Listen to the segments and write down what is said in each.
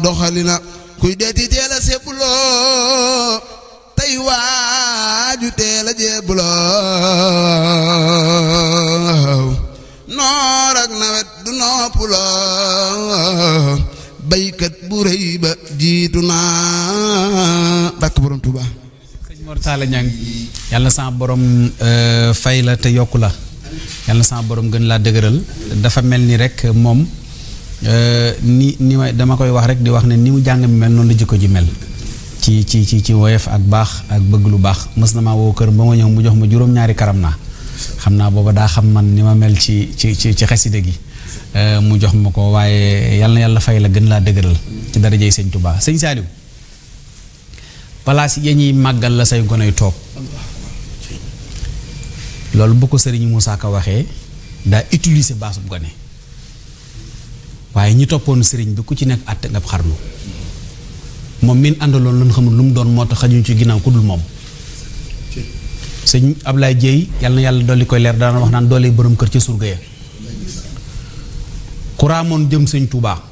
boroom doxalina kuy deeti teel a sebbuloo tey waaju teel a jebbuloo noor ak nawet du noppuloo baykat bu ba jiitu naa bakk boroom Tuubaa sëñ Mor Talla Niang yàlla sa borom euh, fay la te yokku la yàlla sa borom gën laa dëgëral dafa mel ni rek moom Euh, ni ni may dama koy wax rek di wax ne ni mu jàng mi mel noonu la jikko ji mel ci ci ci ci woyof ak baax ak bëgg lu baax mës na maa woo kër ba ma mu jox ma juróom-ñaari karam naa xam naa booba daa xam man ni ma mel ci ci ci ci xaside gi euh, mu jox ma ko waaye yal na yàlla fay la gën laa dëgëral ci darajey sëñ Touba sëñ Saliou palaas ya ñuy màggal la say goney toog loolu bu ko sëriñ Moussa Ka waxee daa utilise baas bu gone waye ñi topon sëriñ bi ku ci nekk àtte nga xarnu mom min andalon lu ñu xamul lu mu doon moo tax xajuñ ci ginaaw ku dul mom sëriñ Ablaye jey yalla yalla doli koy leer daana wax naan doli borom kër ci surga ya ku raamoon jëm sëriñ Touba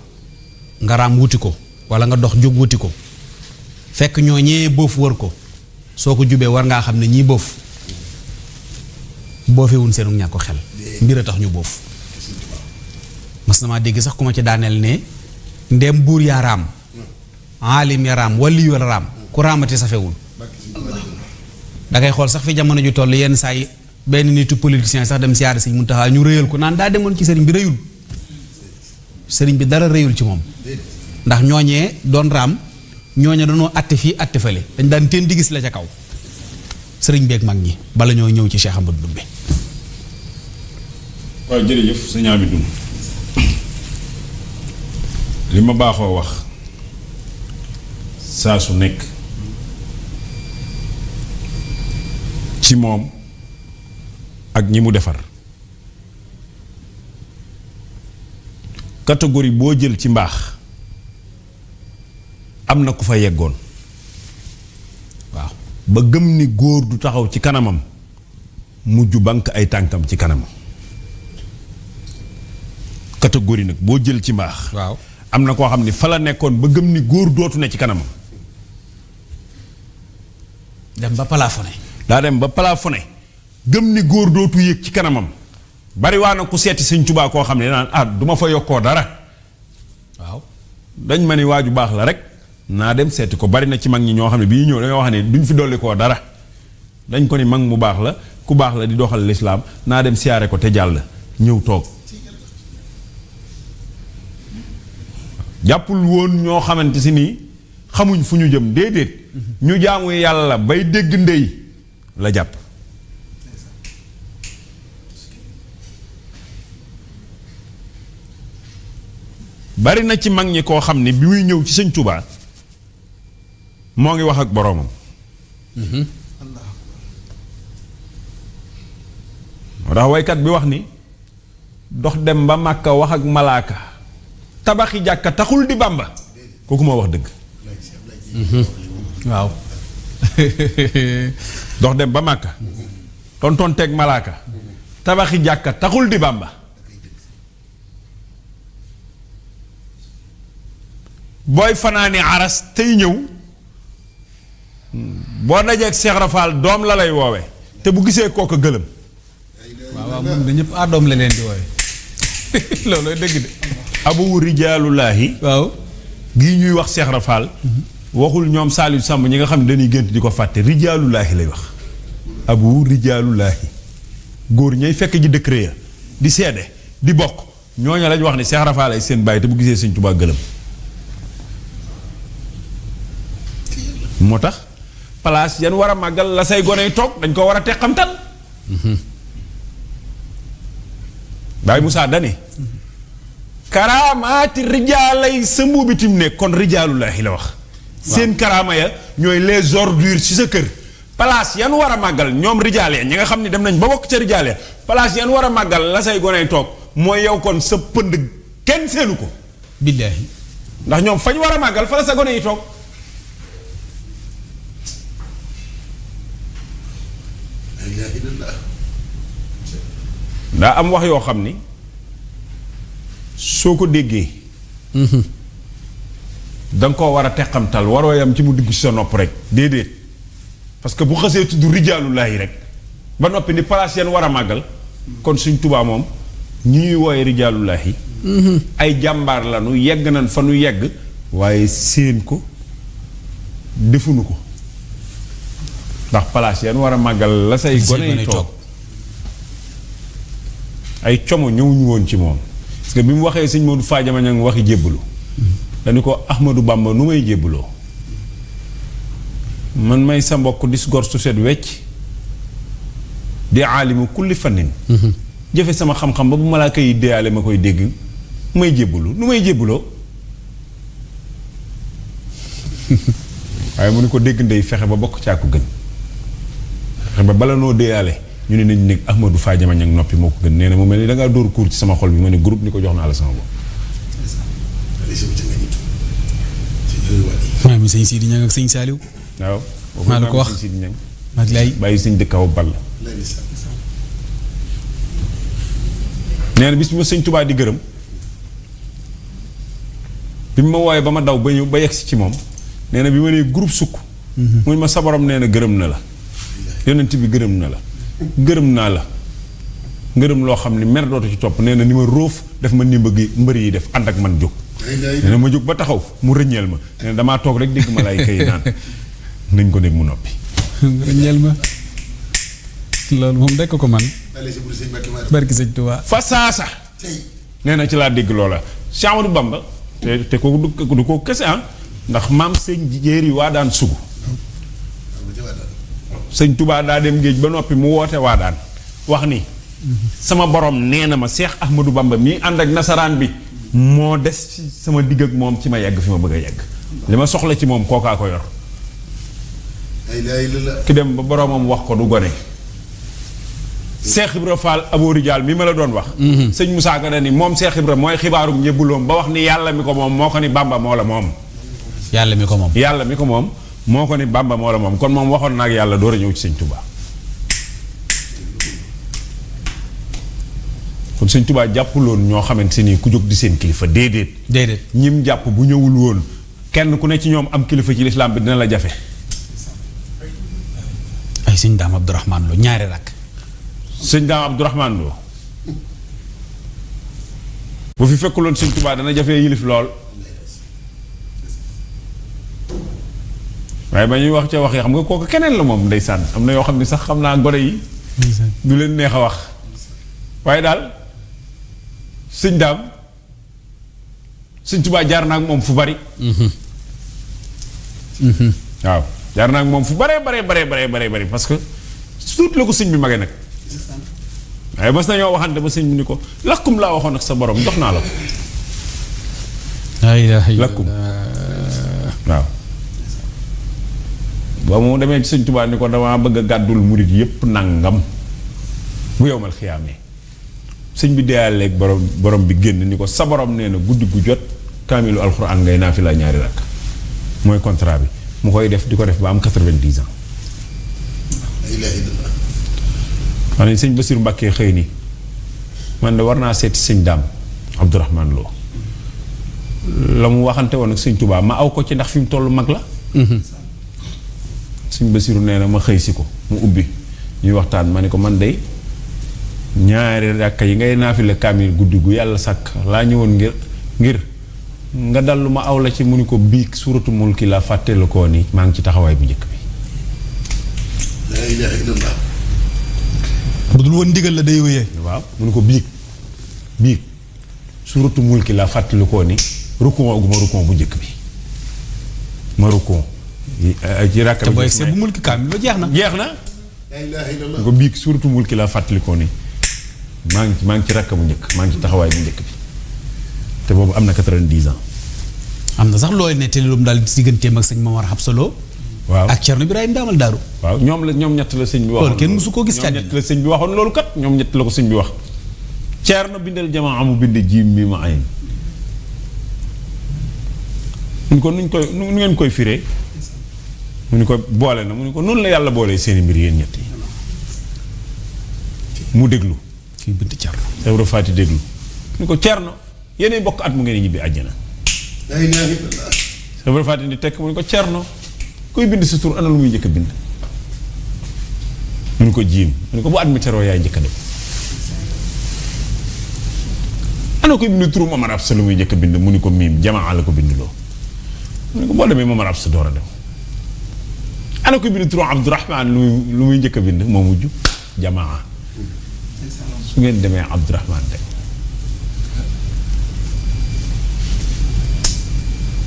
nga ram wuti ko wala nga dox jog wuti ko fekk ñoo ñe boof wër ko soko jubé war nga xamné ñi boof bofé sénu ñako xel mbira tax ñu boof mas na ma dégg sax kuma ci daaneel ne ndem bur ya ram, alim ya ram wali yaa ram ku fewul da ngay xol sax fi jamono ju toll yeen say ben nitu politicien sax dem siar seigne muntaha ñu reeyul ku naan da demone ci seigne bi reeyul seigne bi dara reeyul ci mom ndax ñoñe don ram ñoñe dañu atte fi atte fele dañ daan teen di la ca kaw mag ñi bala ñoo ñew ci Cheikh Amadou Dumbe wa jeureuf seigne amadou li ma baaxoo wax saa su nekk ci moom ak ñi mu defar catégorie boo jël ci mbaax am na ku fa yeggoon waaw ba gëm ni góor du taxaw ci kanamam mujj bank ay tànkam ci kanamam catégorie nag boo jël ci mbaax. waaw am na koo xam ni fa la nekkoon ba gëm ni góor dootu ne ci kanamam. dem ba plafonné. daa dem ba plafonné gëm ni góor dootu yéeg ci kanamam bari waa na ku seeti sëñ tubaa koo xam ne naan ah du ma fa yokkoo dara waaw dañ ma ni waaju baax la rek naa dem seeti ko bari na ci mag ñi ñoo xam ne bii ñëw dañoo wax ne duñ fi dolli dara dañ ko ni mag mu baax la ku baax la di doxal lislaam naa dem siyaare ko te jàll ñëw toog. jàppul woon ñoo xamante si nii xamuñ fu ñu jëm déedéet ñu jaamu yàlla bay dégg ndey la jàpp bari na ci mag ñi koo xam ne bi muy ñëw ci sëñ Tuubaa moo ngi wax ak boroomam moo tax waykat bi wax ni dox dem ba màkka wax ak malaaka tabaxi jàkka taxul di bàmba kooku moo wax dëgg waaw dox dem ba màkka tontoon malaaka tabaxi jàkka taxul di bàmba booy fanaani aras tey ñëw boo dajeeg Seex doom la lay woowe te bu gisee kooka gëlëm waaw waaw moom da ñëpp àddoom ah, la leen di woowe loolooy dëgg de abu rijaalulaahi waaw gi ñuy wax Cheikh Rafal waxul ñoom Saliou sàmm ñi nga xam ne dañuy gént di ko fàtte rijaalulaahi lay wax abu rijaalulaahi góor ñay fekk ji décret ya di seede di bokk ñooña lañ wax ne Cheikh Rafal ay seen bàyyi te bu gisee sëñ Tuubaa gëlëm moo tax place yan war a màggal la say gone yi toog dañ ko war a teqamtal mhm. Baye Moussa Dane karaamaati rijaalay sa mbuubitim ne kon rijaalulaahi la wax seen karaama ya ñooy les ordures ci sa kër place yan war a màggal ñoom rijaal ya ñi nga xam ne dem nañ ba bokk ca rijaal ya place yan war a màggal la say gone goney toog mooy yow kon sa pënd kenn seenu ko billaahi ndax ñoom fañ war a màggal fa la sa gone yi toog daa am wax yoo xam ni soo ko déggee. Mm-hmm. da nga koo war a teqamtal waroo ci mu dugg sa nopp rek déedéet parce que bu xasee tudd rijaalullaahi rek ba noppi ni palaas yeen war a màggal kon suñ tubaa moom ñi ñuy wooye rijaalullaahi mm-hmm. ay jàmbaar la yegg nañ fa nu yegg waaye séen ko defunu ko ndax palaas yeen war a màggal la say gone yi toog ay como ñëwuñu woon ci moom bi mu waxee sëñ Modou Fadiama Niang waxi jébbalu dañu ko Ahmadou Bamba nu may jébbaloo man may sa mbokk dis gor su set wecc di aalimu kulli fannin jëfe sama xam-xam ba bu malaaka yi deyaale ma koy dégg may jébbalu nu may jébbaloo waaye mu ne ko dégg ndey fexe ba bokk caa ko gën fexe ba bala noo deyaale ñu nañ ne Ahmadou Fadiama Niang noppi moo ko gën nee na mu mel ni da ngaa dóor kuur ci sama xol bi ma ne ko jox naa la sama sëñ Sidi Niang ak sëñ wax maa lay bàyyi sëñ dëkkaaw ball. nee na bis bi di gërëm bi ma wooyee ba ma daw ba ñëw ba yegsi ci moom nee na bi ma nee groupe sukk. Mhm. mu ma sabaram nee na gërëm na la. yonent bi gërëm na la. gërëm na la ngërëm lo xamni ne mer dootu ci top neena ni ma roof def ma ni gi mbeur yi def ànd ak man juk neena ma juk ba taxaw mu reñel ma neena dama tok rek deg ma lay kay naan nañ ko nekk mu nopi reñel ma loolu mom dekk ko man barki seigne touba fa sa sa neena ci la deg lola chamadou Bamba te te ko du ko kesse ah ndax mam seigne jéeri wa dan sugu seigne touba da dem geej ba nopi mu wote wadan wax ni sama borom neena ma cheikh ahmadou bamba mi and ak nasaran bi mo dess sama digg ak mom ci ma yegg fi ma bëgg yegg lima soxla ci mom koka ko yor ki dem ba boromam wax ko du gone Cheikh Ibra Fall Abou Rijal mi ma la doon wax mhm. seigne Moussa ga ni mom Cheikh Ibra moy xibaarum ñebulom ba wax ni yalla mi ko mom moko ni Bamba mo la mom yalla mi ko mom yalla mi ko mom moo ko ni Bàmba moom kon moom waxoon na ak yàlla door a ñëw ci sëñ Touba. kon sëñ Touba jàppuloon ñoo xamante ni ku jóg di seen kilifa déedéet. déedéet ñim jàpp bu ñëwul woon kenn ku ne ci ñoom am kilifa ci lislaam bi dina la jafe. ay sëñ Daam Abdourahman Lo ñaari rakk. sëñ Daam Abdourahman Lo bu fi fekkuloon sëñ Touba dana jafe yilif lool. waaye ba ñuy wax ca wax yi ya xam nga kooku keneen la moom ndeysaan am na yoo xam ne sax xam naa gone yi du leen neex a wax waaye daal sëñ daam sëñ tubaa jaar naa ak moom fu bari mhm. Mhm. waaw jaar naa ak moom fu bare bare bare bare bare bare parce que suut la ko sëñ bi magee nag waaye mas nañoo waxante ba sëñ bi ni ko lakkum laa waxoon ak sa borom jox naa la ko illallah ba mu demee ci sëñ tubaa ni ko dama bëgg a gàddul murit yépp nangam bu yowmal xiyaamee sëñ bi deyaleeg borom borom bi génn ni ko sa borom nee na guddi gu jot kamilu alquran ngay naa fi la ñaari rak mooy contrat bi mu koy def di ko def ba am 90 ans man ni sëñ Basir Mbàkke xëy ni man de war naa seeti sëñ daam Abdourahman Lo la mu waxante woon ak sëñ tubaa ma aw ko ci ndax fi mu toll mag la mhm suñ basiru neena ma xey si ko mu ubbi ñu waxtaan mané ko man day ñaari ràkk yi ngay naafile kamil guddi gu sak la ñu won ngir ngir nga dalu ma awla ci mu ni ko biig suratul mulk la fàtte la ni ma ngi ci taxaway bu jekk bi la ilaha illallah budul won digal la day wéyee waaw mu ni ko biig biig suratul mulk la fàtte la ni rukun rukon aguma rukon bu jekk bi ma ci rakk. te booy seet bu mulki kaamil jeex na. jeex na. nga biig surtout mulki laa fàttalikoo ni maa ngi maa ngi ci bu njëkk maa ngi ci taxawaay bu njëkk bi te boobu am na quatre-vingt-dix ans. am na sax looy nettali loolu daal digganteem ak sëñ a Habsalo. waaw ak Thierno Ibrahima daamal daaru. waaw ñoom la ñoom ñett sëñ bi. waxoon loolu kenn mësu koo gis. ñoom ñett bi waxoon loolu kat ñoom ñett la ko sëñ bi wax. Thierno bindal jamaa amu bind jiim mi ma ayin. ñu ko nuñ koy nu ngeen koy fire mu ni ko boole na mu ni ko noonu la yàlla boole seen i mbir yéen ñett yi mu déglu kii bëtt Cerno Ibra Faati déglu mu ni ko Cerno yeneen bokk at mu ngeen ñibbi àjjana Ibra Faati ni tekk mu ni ko Cerno kuy bind sa tur ana lu muy njëkk bind mu ni ko jiim mu ni ko bu at mi teroo yaay njëkk a dem ana koy bind turu Momar Absa lu muy jëkk bind mu ni ko miim jamaa la ko bind loo mu ni ko boo demee Momar Absa door a dem ana ko bind turu abdurrahman lu muy lu muy bind mo muju jamaa su ngeen demee abdurrahman de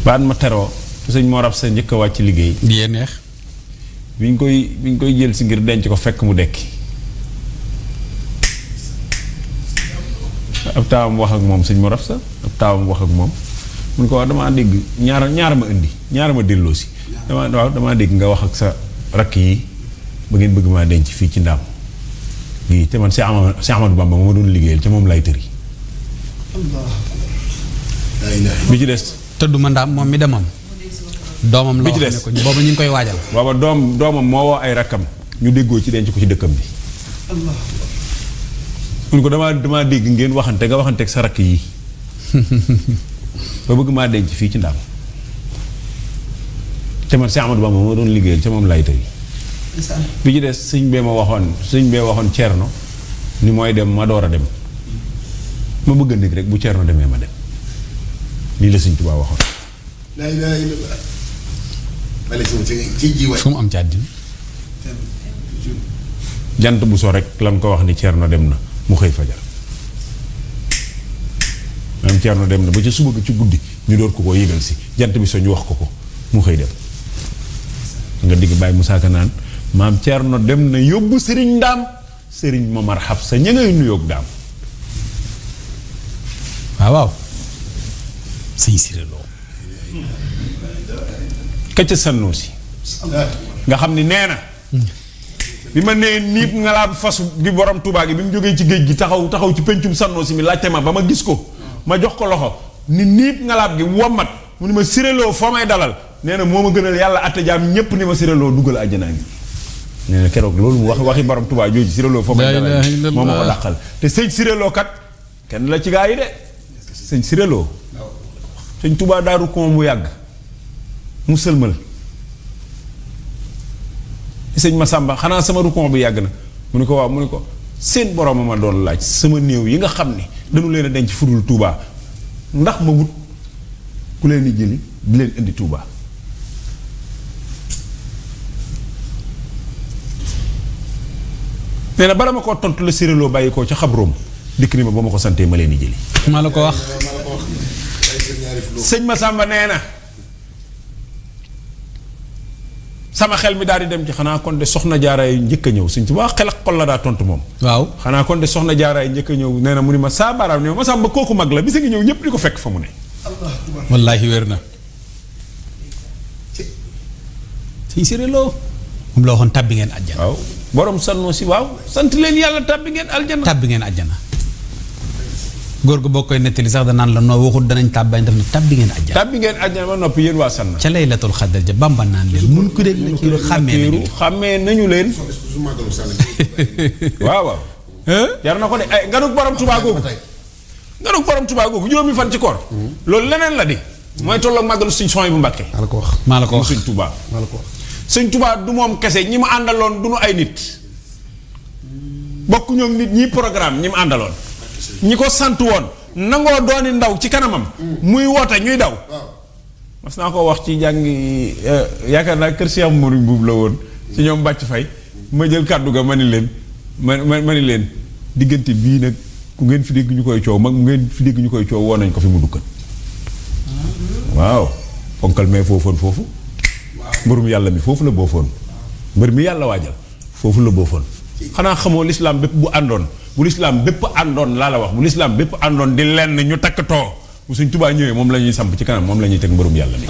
baan ma téro sëñ morab sa njëkk a liggéey di neex biñ koy biñ koy jël ci ngir denc ko fekk mu dekk ab taam wax ak mom sëñ morab sa ab taam wax ak mom mun ko wax dégg ñaar ñaar ma indi ñaar ma delo ci dama waaw dama dégg nga wax ak sa rakk yi ba ngeen bëgg maa denc fii ci ndaam gi te man cheikh Amadou cheikh Amadou Bamba ma doon liggéeyal ca moom lay tëri bi ci des tëdd ma ndaam moom mi demam doomam la wax ko boobu ñu ngi koy waajal booba doom doomam moo woo ay rakkam ñu déggoo ci denc ko ci dëkkam bi mun ko dama dama dégg ngeen waxante nga waxante ak sa rakk yi ba bëgg maa denc fii ci ndaam té man si Amadou Bamba mo doon liggéeyal ci mom lay tay bi ci dess Seigne bee ma waxoon sëñ bee waxoon Cerno ni moy dem ma doora dem ma bëgg nek rek bu Cerno démé ma dem li la sëñ Tuubaa waxoon laa ilaaha illallaah fu mu am ci àddina jant bu so rek lan ko wax ni Cerno dem na mu xey fajar am Cerno dem na bu ci suba ci guddii ñu door ko ko yegal ci jant bi so ñu wax ko ko mu xey dem nga dig Baye Moussa Ka mam maam Thierno dem na yobbu Serigne dam Serigne Momar hafsa ña ngay nuyoog Ndam wa waaw sëñ Sirelo ka ca sannoo si nga xamni neena bima ne bi nga la fas gi borom Touba gi bimu joge ci geej gi taxaw taxaw ci pencum sanno si mi laccé ma bama gis ko ma jox ko loxo ni nip nga gi womat mu ma Sirelo foo may dalal neena moma gënal yalla atta jam ñepp ni ma sirelo dugal aljana ngi neena na keroog loolu wax waxi borom tuba joji sirelo fo ma moo moma ko te señ sirelo kat ken la ci gaay de señ sirelo señ tuba daaru ko mu yag musulmal señ Masamba xana sama ko bu yag na mu ne ko waaw mu ne ko seen borom ma doon laaj sama neew yi nga xamni dañu leena denc fudul tuba ndax ma wut ku leen di jeli di leen indi tuba nee na bala ma koo tontu la Cyril Lo bàyyi ko ca xabroom dikk ni ma ba ma ko santee ma leen di jëli. maa la ko wax. sëñ Massamba nee na. sama xel mi daal di dem ci xanaa kon de soxna jaara yi njëkk ñëw sëñ Tuubaa xel ak xol tontu moom. waaw xanaa kon de soxna jaara yi njëkk a ñëw nee mu ni ma saa baaraam ne ma Massamba kooku mag la bisa ngi ñëw ñëpp di ko fekk fa mu ne. wallaahi wér na. sëñ Cyril Lo. la waxoon tàbbi ngeen àjjana. borom sanno si waw sant len yalla tàbbi ngeen aljana tàbbi ngeen aljana gor gu bokoy koy sax da nan la noo waxut danañ tàbbañ def ne tàbbi ngeen aljana tàbbi ngeen aljana ma nopi yeen wa sanna ci laylatul khadr ja bamba nan len mun ku dégg na xamé xàmmee nañu xamé nañu leen waaw waaw yar na ko de nga nganuk borom tuba tubaa nga nganuk borom tuba googu ñoomi fan ci koor hmm. lol leneen la di moy tolok magal suñ soñ bu mbacké mala ko wax mala ko wax suñ tuba mala ko wax seigne Touba du mom kese ñi ma andalon du nu ay nit bokku ñoom nit ñi programme ñi ma andalon ñi ko sant woon nangoo dooni ndaw ci kanamam muy woote ñuy daw mas naa ko wax ci jangi eh, yakar na keur Cheikh Mourou Mbuub la won ci ñom bacc fay ma jël kaddu ga mani len mani len digënté bi nak ku ngeen fi dégg ñukoy ciow mag ngeen fi dégg ñukoy ciow wonañ ko fi mu dukkan waaw fonkal me foofoon fofu mbërum yàlla bi foofu la boofoon mbër mi yàlla waajal foofu la boofoon xanaa xamoo lislaam bépp bu àndoon bu lislaam bépp àndoon laa la wax bu lislaam bépp àndoon di lenn ñu takk too bu suñ tubaa ñëwee moom la ñuy samp ci kanam moom la ñuy teg mbërum yàlla mi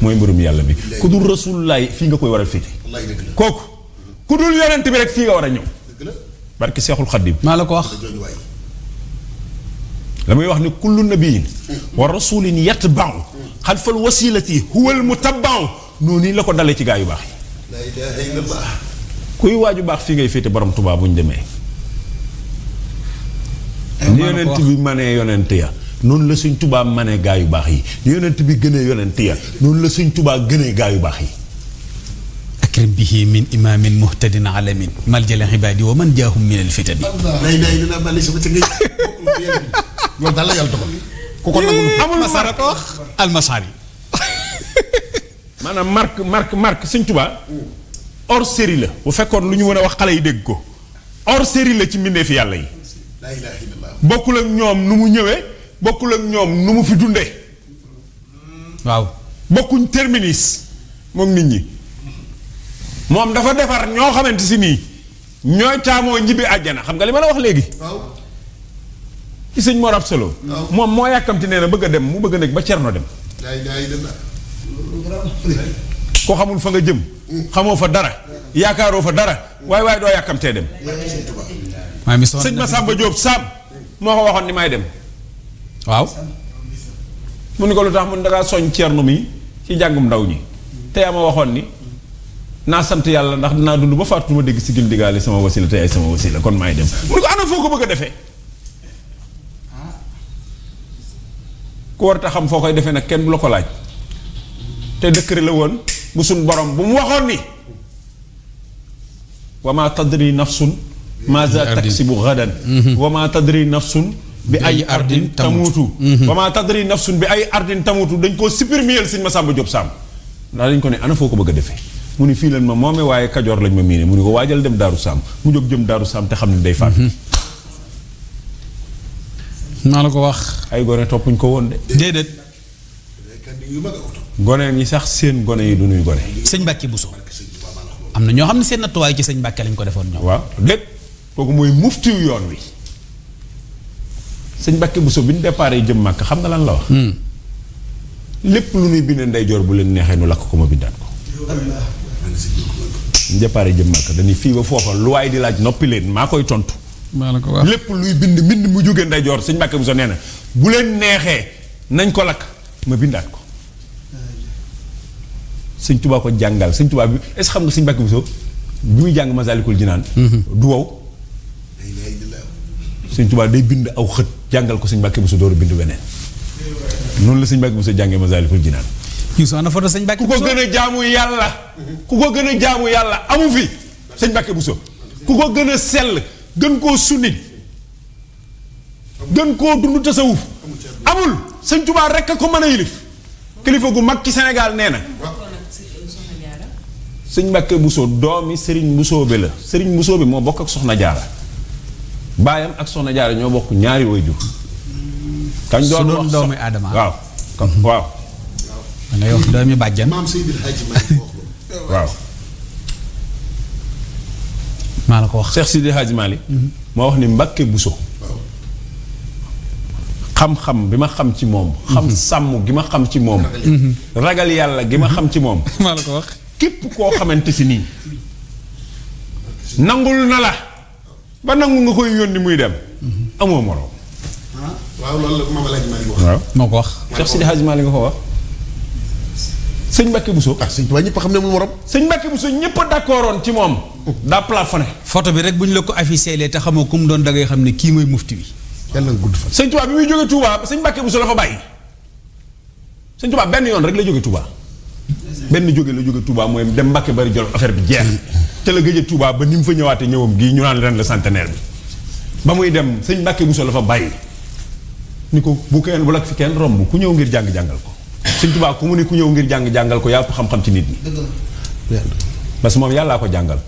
mooy mbërum yàlla bi ku dul rasulullaay fii nga koy war a féete kooku ku dul yonent bi rek fii nga war a ñëw barki seexul xaddim maa la ko wax la muy wax ni kullu nabiyin wa rasulin yatba'u xalfal wasilati huwal mutaba'u noonu nii la ko dalee ci gaa yu baax yi kuy waaju baax fii ngay féete borom Tuubaa bu ñu demee ni yonent bi noonu la suñ tubaab manee gaa yu baax yi ni yonent bi gënee yonent la suñ Tuubaa gënee gaa yu baax yi akrim bihi min imaamin muhtadin alamin maljala xibaadi wa man jaahum min alfitani loolu daal la yàlla dogal ku ko nangul almasaari maanaam marque mark marque sëñ Tuubaa or séri la bu fekkoon lu ñu mën a wax xale yi dégg ko or série la ci mbindee fi yàlla yi bokkul ak ñoom nu mu ñëwee bokkul ak ñoom nu mu fi dundee waaw bokkuñ terminus moom nit ñi moom dafa defar ñoo xamante si nii ñooy caamoo ñibbi àjjana xam nga li ma la wax léegi ci sëñ Mor Absalo moom moo yàkkamti nee na bëgg a dem mu bëgg a nekk ba Cerno dem ko xamul fa nga jëm xamoo fa dara yaakaaroo fa dara waaye waaye doo yàkkamtee dem sëñ ma Samba Diop Samb moo ko waxoon ni may dem waaw mu ni ko lu tax mun dangaa soñ ceernu mi ci njàngum ndaw ñi te yaa ma waxoon ni naa sant yàlla ndax dinaa dund ba fàttu ma dégg si gil digaale sama wasila te ay sama wasila kon maay dem mu ni ko foo ko bëgg a defe ku war a xam foo koy defee nag kenn bu la ko laaj te décret la woon bu suñ borom bu mu waxoon ni wa maa tadri nafsun si taksibu gadan mhm. wa maa mhm. tadri nafsun bi ay ardin tamuutu wa maa tadri nafsun bi ay ardin tamuutu dañ koo supprimer sëñ Masamba Diop Samb ndax dañ ko ne ana foo ko bëgg a defee mu ni fii lan ma moome waaye kajoor lañ ma miine mu ni ko waajal dem daaru saam mu jóg jëm daaru saam te xam ne day faat naa mhm. la ko wax ay gone toppuñ ko woon de gone yi sax seen gone yi du ñuy gone. sëñ Mbacke Bousso am na ñoo xam ne seen nattuwaay ci sëñ Mbacke lañ ko defoon ñoom. waaw déet kooku mooy muftiw yoon wi sëñ Mbacke buso bi ñu départ jëm màkk xam nga lan la wax. Hmm. lépp lu ñuy bind ndeyjoor bu leen neexee nu lakk ko ma bindaat ko. jëm màkk dañuy fii ba foofa di laaj noppi leen maa koy tontu. lépp luy bind mbind mu jógee ndeyjoor sëñ Mbacke Bousso nee na bu leen neexee nañ ko lakk ma bindaat ko. sëñ tubaa ko jàngal sëñ tubaa bi est-ce que xam nga sëñ Mbàkke Buso bi muy jàng Masaalikul Jinaan mhm. du wow sëñ tubaa day bind aw xët jàngal ko sëñ Mbàkke Buso dooru bind weneen noonu la sëñ Mbàkke Buso jàngee Masaalikul Jinaan Yuusu na foto sëñ Mbàkke Buso ku ko gën a jaamu yàlla ku ko gën a jaamu yàlla amu fi sëñ Mbàkke Buso ku ko gën a sel gën koo sunni gën koo dund tasawuf amul sëñ tubaa rekk a ko mën a yilif kilifa gu mag ci Sénégal nee na sëñ Mbàkke Bousso doomi Serigne Bousso bi la sëriñ Bousso bi moo bokk ak Soxna Jaara baayam ak Soxna Jaara ñoo bokk ñaari waajur kañ doon wax doomi Adama waaw waaw maa la ko wax Cheikh Seydil Hadji Malick mhm. moo wax ni Mbàkke Bousso xam-xam bi ma xam ci moom xam mhm. sàmm gi ma xam ci moom mhm. ragal yàlla gi ma xam ci moom képp koo xamante si nii nangul na la ba nangu nga koy ni muy dem amoo morom. waaw loolu la Mamadou Hadj moo ko wax. Cheikh Sidi Hadj Malick nga ko wax. sëñ Mbacke Bousso. ah sëñ Tuubaa ñëpp xam ne amul morom. sëñ Mbacke Bousso ñëpp a ci moom. daa plafonné. photo bi rek bu ñu la ko affiché te xamoo ku mu doon dangay xam ne kii mooy mufti bi. yàlla na gudd fan. sëñ Tuubaa bi muy jógee Touba sëñ Mbacke Bousso la fa bàyyi. sëñ Tuubaa benn yoon rek la jógee Touba. ben juga la joge Touba moy dem Mbacke bari jor affaire bi jeex te la geje Touba ba nim fa ñewate ñewum gi ñu naan ren le centenaire bi ba muy dem señ Mbacke Bousso la fa bàyyi niko bu kenn wala fi kenn rombu ku ñew ngir jang jangal ko señ Touba ku mu ne ku ñew ngir jang jangal ko yàpp xam-xam ci nit ni parce que moom ko jangal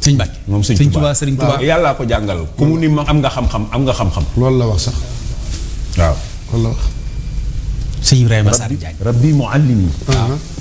señ Mbacke mom señ Touba señ Touba yalla ko jangal ku mu ni ma am nga xam-xam am nga xam-xam lool la wax sax waaw loolu la wax sëñ Ibrahima rabbi muallimi uh-huh.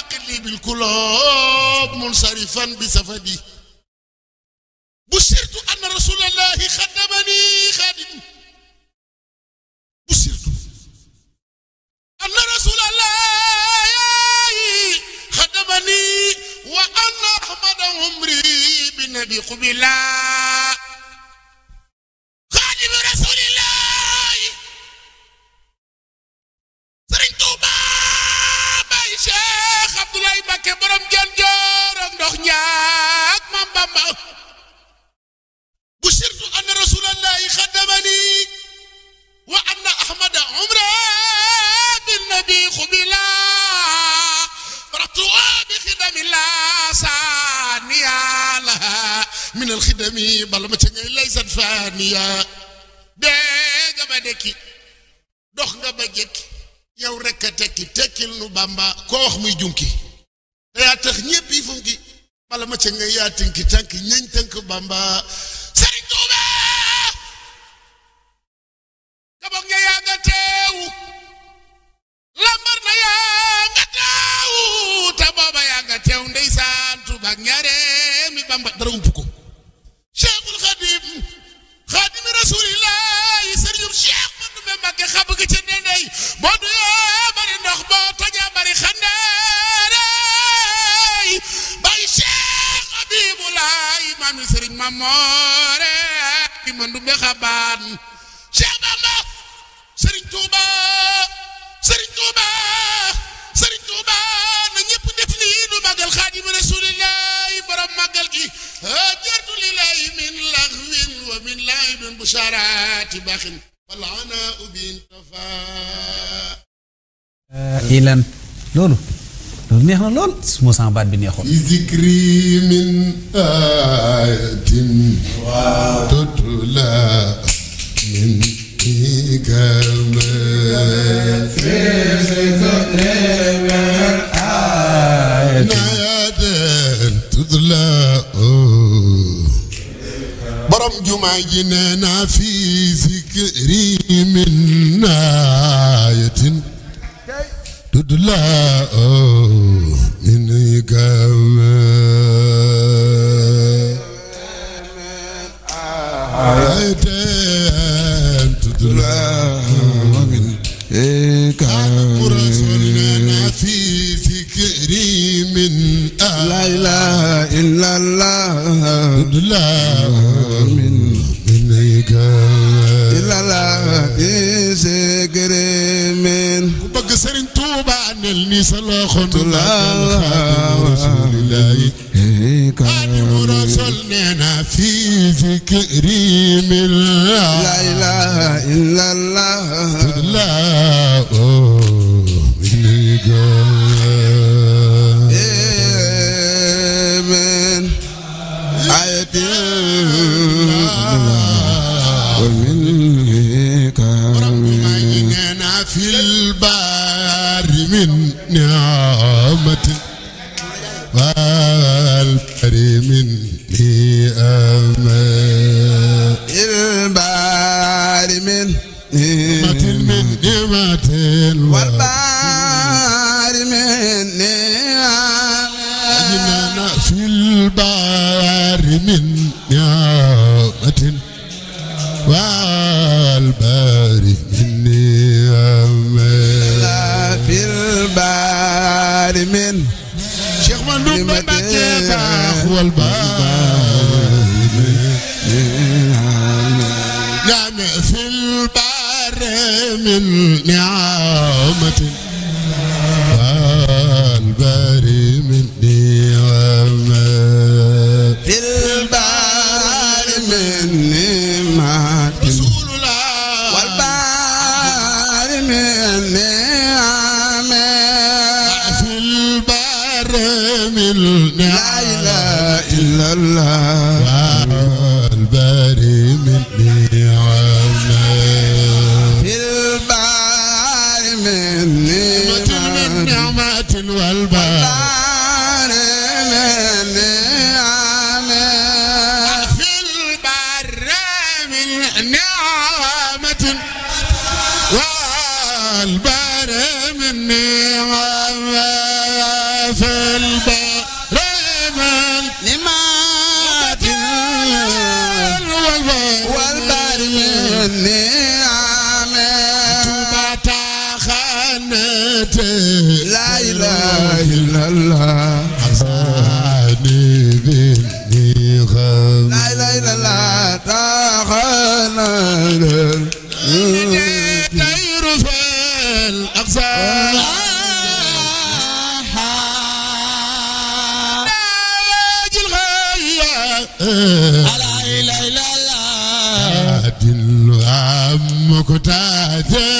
عاقل بالكلاب منصرفا بسفدي بشرت أن رسول الله خدمني خادم بشرت أن رسول الله خدمني وأن أحمد عمري بالنبي قبلا faaniya dee nga ba dekki dox nga ba jekki yow rekk a tekki tekkil nu bàmba koo muy junki te yaa tax ñépp funki bala ma yaa tënki tànk ñañ tënk bàmba Sëriñ Tuuba nga boog nga yaa nga teewu lambar na yaa nga teewu te booba yaa nga teew ndeysaan Tuuba ak ñaaree mi bàmba dara upp ko boo duyoo bari ndox boo tojee bari bay Cheikh Abibu Laay maami Sëriñ Mamoore i ma ndumbe xabaan Cheikh Bamba Sëriñ Tuuba Sëriñ Tuuba Sëriñ Tuuba na ñëpp def lii nu màggal Xaadimu Rasuulillaahi borom màggal gi haajartu lillaahi wa min laibin bu saraati فالعناء بانتفاء إلى لولو loolu neex na lool moo sama baat bi neexoon zikri min ayatin tutula min ikama tutula oh borom jumaa ji nee naa fii zikri min naayatin tudlaa min kawa ayatin tudlaa min kawa rasulina fi zikri min la ilaha illa allah tudlaa مني صلاح على رسول الله خادم رسولنا في ذكر من لا اله الا الله نعمة والكريم لي أمان البار من نعمة من نعمة والبار من نعمة في البار من نعمة والبار الفتح والباب نعم في البر من نعمة me. there.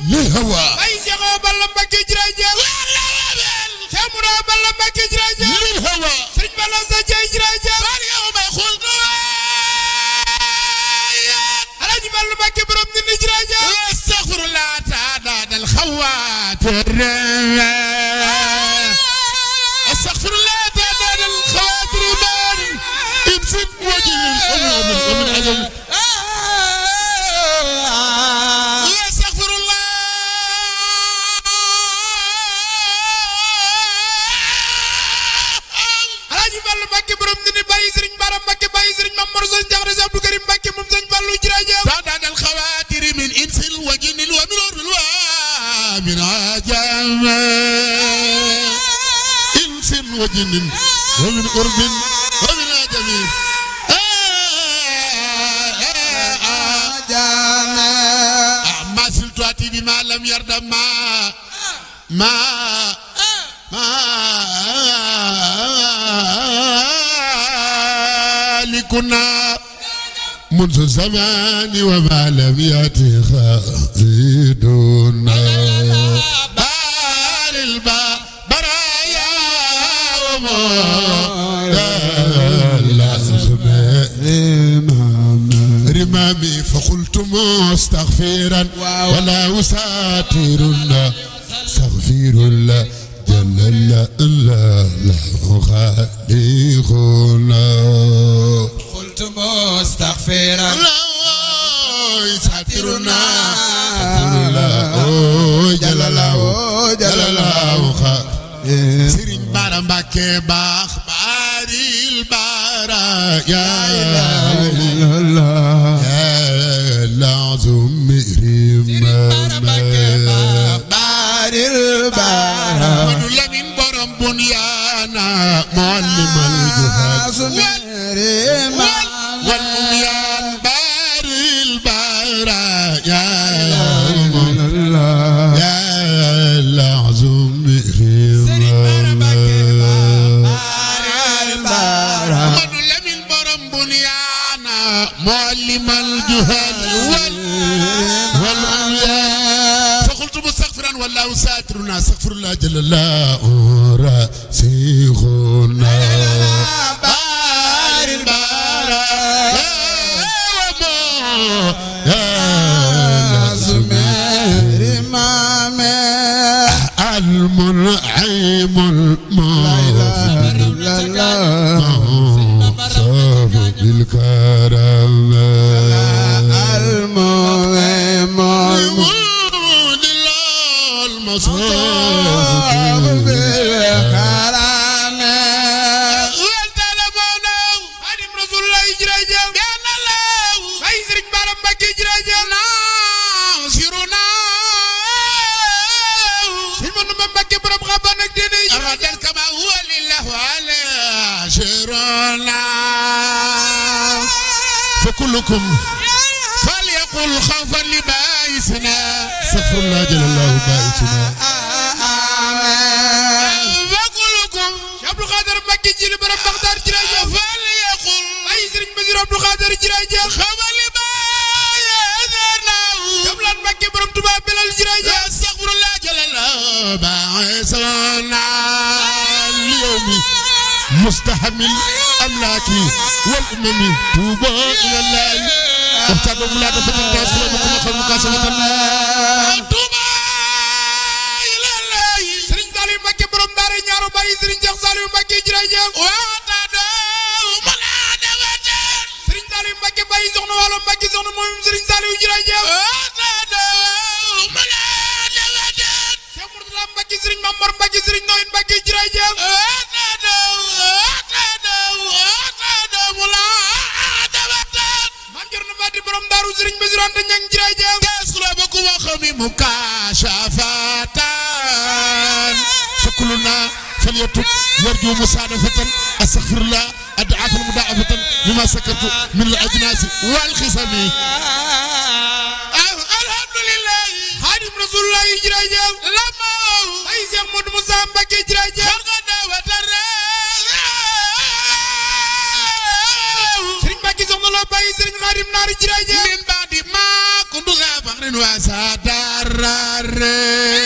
للهوى أي جغو بلا مكي جراجة سامورا بلا مكي جراجة للهوى سج بلا سجي جراجة باري هو ما يخول ألاج بلا مكي برم دي جراجة استغفر الله تعالى الخواتر بعد ومن قرب ومن عجم ما زلت أتي بما لم يرد ما ما ما لكنا منذ زمان وما لم يأتي خالدنا أمامي فقلت مستغفرا ولا أساتر الله استغفر الله جل الله الله لا قلت مستغفرا لا يساترنا جل الله جل الله سيرين بارا مباكي باخ البارا يا إله إلا العظم إرمانا بارر بارا من لمن برم بنيانا معلم الجهاد والمعلم معلم الجهال والعلا فقلت مستغفرا والله ساترنا استغفر الله جل الله راسخنا بار البار يا كلكم فليقل خوفا لبائسنا سفر الله جل الله بائسنا فكلكم عبد القادر مكي جيل برب بغداد جراجة فليقل أي سرين بزير عبد القادر جراجة خوفا لبائسنا جبلان مكي برم تبا بلال جراجة سفر الله جل الله بائسنا اليوم مستحمل laaki wal umami tuuba ilallahi waxtaan boobu laa dafa dem daas loolu ku ma xam kaa sama tam tuuba ilallahi sëriñ Saliou Mbacké borom daara ñaaru bari sëriñ Cheikh Saliou Mbacké jërëjëf waata daaw ma laa dawete sëriñ Saliou Mbacké bàyyi soxna wàllu Mbacké soxna moom sëriñ Saliou jërëjëf waata daaw ma laa Mbacke Serigne Mame Mor Mbacke Serigne Noyin Mbacke Jiraay Jël mam jor na eh, eh, ah, fati borom daaru Serigne Bassirou Anta Ñang Jiraay Jël geesu la ba ku wax mi mu kaasafatan fakuluna falyatub yarju musaadafatan astaghfirullah ad'afal mudaafatan mimma sakartu min al ajnasi wal xisami xaadim rasulullah yi jërëjëf lamaw ay Seex Modou Moussa Mbacké jërëjëf sëriñ Mbacké soxna loo bàyyi sëriñ xaadim naari jërëjëf min baadi ma kuntu la faxrin wa sadarare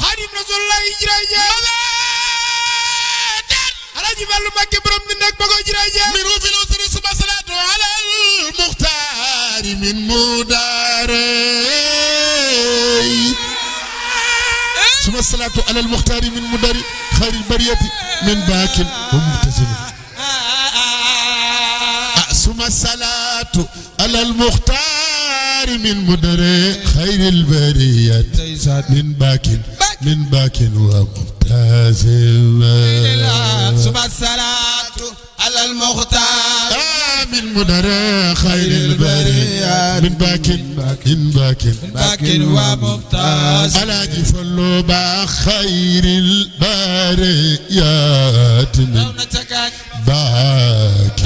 خادم رسول الله إجراجة حراج فالما كبرم دندك بغو إجراجة من وفي الأسر سبا صلاة على المختار من مداري ثم الصلاة على المختار من مداري خير البرية من باكن ومبتزل ثم الصلاة على المختار من مدراء خير البرية من باكن من باكن ومبتسم على المختار من مدراء خير البرية من باكن من باكن باك ومبتسم على جفلوبا خير البريات من باكن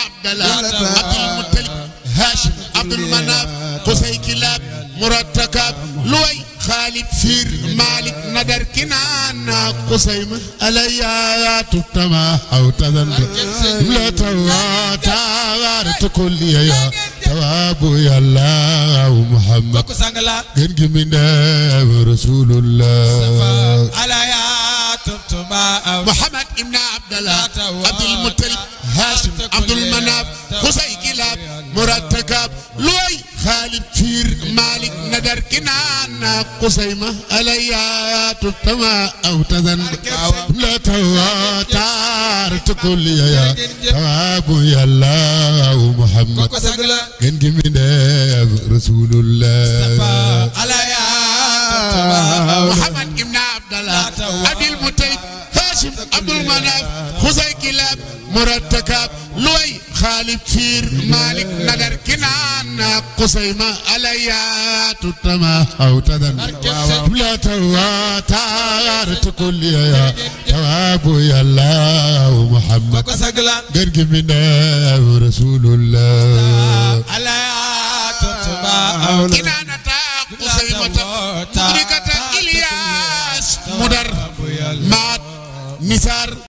عبد الله أبي هاشم عبد المناف قصي كلاب مرتكب لوي خالد فير مالك ندر كنان قصيم عليا تتما أو تذنب لا توا تغارت كل يا تواب يا الله محمد جنج من رسول الله محمد على عبد المطلب هاشم عبد المناف حسين كلاب مراد تكاب لوي خالد فير مالك ندر كنان قسيمة عليا تتما أو تذن لا تواتار تقول يا تواب يا الله محمد كنك من رسول الله عليا محمد ابن عبد الله عبد المطلب هاشم عبد المناف خزي كلاب تكاب لوي خالد فير مالك ندر كنان قسيمة عليا تتما أو تدن بلا توا تقول يا تواب يا الله محمد قرق منا رسول الله عليا تتما أو تدن كنان قسيمة مدركة sar